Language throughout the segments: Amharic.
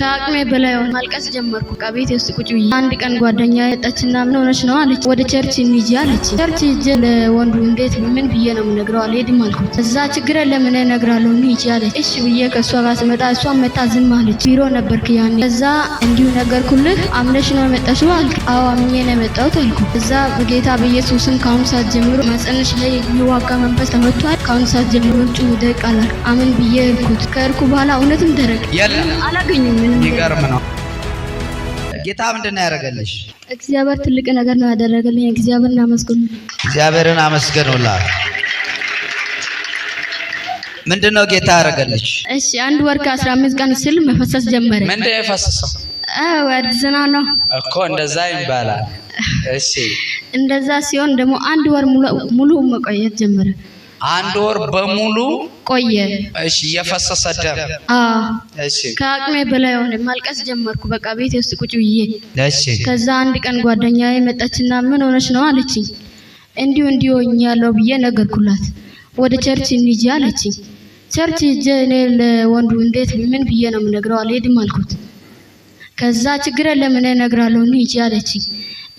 ከአቅሜ በላይ ሆነ። ማልቀስ ጀመርኩ። በቃ ውስጥ ቁጭ ብዬ አንድ ቀን ጓደኛ የጠችና ምን ሆነች ነው አለች። ወደ ቸርች እንሂጂ አለች። ቸርች ሂጄ ለወንዱ እንዴት ምን ብዬ ነው የምነግረው? አልሄድም አልኩት። እዛ ችግር ለምን እነግራለሁ እንሂጂ አለች። እሺ ብዬ ከእሷ ጋር ስመጣ እሷ መታ ዝም አለች። ቢሮ ነበርክ ያኔ። እዛ እንዲሁ ነገርኩልህ አምነሽ ነው የመጣሽው አልክ። አዎ አምኜ ነው የመጣሁት አልኩ። እዛ በጌታ በኢየሱስም ከአሁኑ ሰዓት ጀምሮ ማጸንሽ ላይ የሚዋጋ መንፈስ ተመቷል። ከአሁኑ ሰዓት ጀምሮ ጩ ደቅ አላል አምን ብዬ እልኩት። ከእርኩ በኋላ እውነትም ደረቅ አላገኙም የሚገርም ነው። ጌታ ምንድን ነው ያደረገልሽ? እግዚአብሔር ትልቅ ነገር ነው ያደረገልኝ። እግዚአብሔርን አመስግኑ። እግዚአብሔርን አመስግኑላ። ምንድን ነው ጌታ ያደረገልሽ? እሺ አንድ ወር ከአስራ አምስት ቀን ስል መፈሰስ ጀመረ። ምንድን ነው የፈሰሰው? ወደ ነው እኮ እንደዛ ይባላል። እሺ እንደዛ ሲሆን ደግሞ አንድ ወር ሙሉ መቆየት ጀመረ። አንድ ወር በሙሉ ቆየ። እሺ፣ የፈሰሰ ደም። አ እሺ። ከአቅሜ በላይ ሆነ። ማልቀስ ጀመርኩ። በቃ ቤቴ ውስጥ ቁጭ ብዬ። እሺ። ከዛ አንድ ቀን ጓደኛዬ መጣችና ምን ሆነች ነው አለችኝ። እንዲሁ እንዲሁ ሆኛለሁ ብዬ ነገርኩላት። ወደ ቸርች እንሂጂ አለችኝ። ቸርች ሂጄ እኔ ለወንዱ እንዴት ምን ብዬ ነው የምነግረው? አልሄድም አልኩት። ከዛ ችግር ለምን እኔ እነግራለሁ እንሂጂ አለችኝ።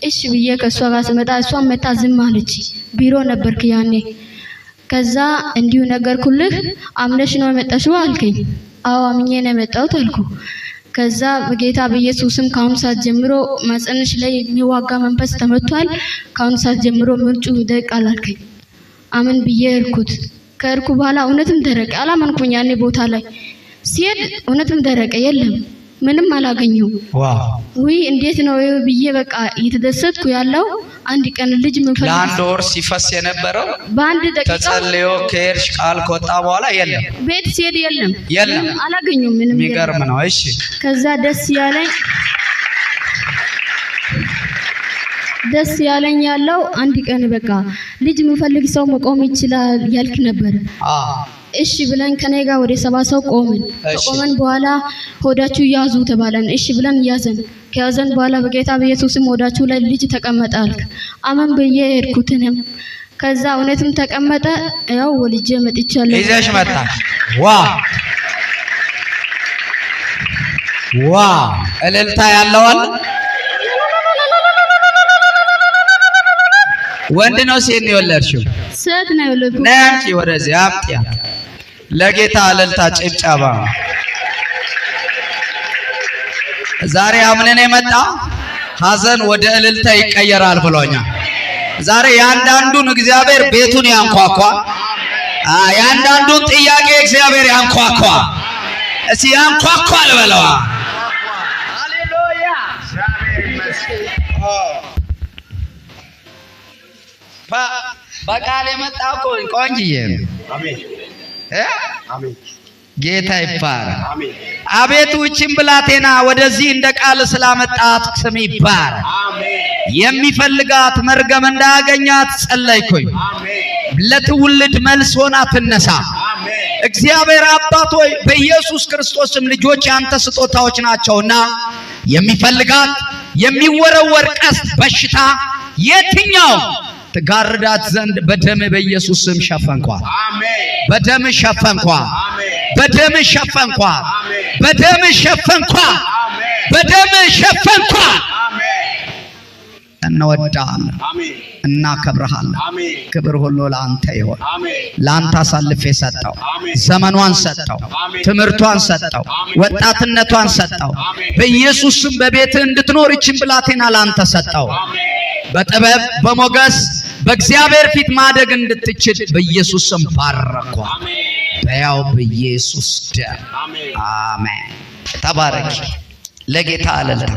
እሺ ብዬ ከእሷ ጋር ስመጣ እሷን መታ ዝም አለች። ቢሮ ነበርክ ያኔ ከዛ እንዲሁ ነገርኩልህ አምነሽ ነው የመጣሽው አልከኝ። አዎ አምኜ ነው የመጣሁት አልኩ። ከዛ በጌታ በኢየሱስም ከአሁኑ ሰዓት ጀምሮ ማጸንሽ ላይ የሚዋጋ መንፈስ ተመቷል። ከአሁኑ ሰዓት ጀምሮ ምንጩ ደቅ አልከኝ። አምን ብዬ እርኩት ከእርኩ በኋላ እውነትም ደረቀ። አላመንኩኝ ያኔ ቦታ ላይ ሲሄድ እውነትም ደረቀ። የለም ምንም አላገኘው። ውይ እንዴት ነው ብዬ በቃ እየተደሰትኩ ያለው አንድ ቀን ልጅ ምንፈልግ ለአንድ ወር ሲፈስ የነበረው በአንድ ደቂቃ ተጸልዮ ከሄድሽ ቃል ከወጣ በኋላ የለም፣ ቤት ሲሄድ የለም፣ የለም፣ አላገኙም። ምንም የሚገርም ነው። እሺ ከዛ ደስ ያለኝ ደስ ያለኝ ያለው አንድ ቀን በቃ ልጅ ምንፈልግ ሰው መቆም ይችላል ያልክ ነበር። እሺ ብለን ከኔ ጋር ወደ ሰባ ሰው ቆመን ቆመን በኋላ ሆዳችሁ ያዙ ተባለን። እሺ ብለን ያዘን። ከያዘን በኋላ በጌታ በኢየሱስም ሆዳችሁ ላይ ልጅ ተቀመጠ አልክ። አመን ብዬ ሄድኩትንም ከዛ እውነትም ተቀመጠ። ያው ወልጄ መጥቻለሁ። ይዘሽ መጣ። ዋ ዋ! እልልታ ያለዋል። ወንድ ነው ሴት ነው የወለድሽው? ሴት ነው የወለድኩት። ነይ አንቺ ወደዚህ አምጥያ ለጌታ እልልታ ጭብጨባ። ዛሬ አምነን የመጣ ሀዘን ወደ እልልታ ይቀየራል ብሎኛል። ዛሬ የአንዳንዱን እግዚአብሔር ቤቱን ያንኳኳ፣ የአንዳንዱን ጥያቄ እግዚአብሔር ያንኳኳ። እስቲ ያንኳኳ ልበለዋ። በቃል የመጣ ቆንጅዬ ነው። ጌታ ይባረክ። አቤቱ ይህችን ብላቴና ወደዚህ እንደ ቃል ስላመጣት ስም ይባረክ። የሚፈልጋት መርገም እንዳያገኛት ጸለይኩኝ። ለትውልድ መልስ ሆና ትነሳ። እግዚአብሔር አባት ሆይ በኢየሱስ ክርስቶስም ልጆች ያንተ ስጦታዎች ናቸውና የሚፈልጋት የሚወረወር ቀስት በሽታ የትኛው ትጋርዳት ዘንድ በደም በኢየሱስ ስም ሸፈንኳ። በደም ሸፈንኳ። በደም ሸፈንኳ። በደም ሸፈንኳ። በደም ሸፈንኳ። እንወዳለን፣ እናከብረሃለን። ክብር ሁሉ ለአንተ ይሆን። ለአንተ አሳልፌ ሰጠው። ዘመኗን ሰጠው፣ ትምህርቷን ሰጠው፣ ወጣትነቷን ሰጠው። በኢየሱስም በቤትህ እንድትኖር ይችን ብላቴና ለአንተ ሰጠው። በጥበብ በሞገስ በእግዚአብሔር ፊት ማደግ እንድትችል በኢየሱስ ስም ባረኳ። በያው በኢየሱስ ደም አሜን። ተባረክ። ለጌታ አለልታ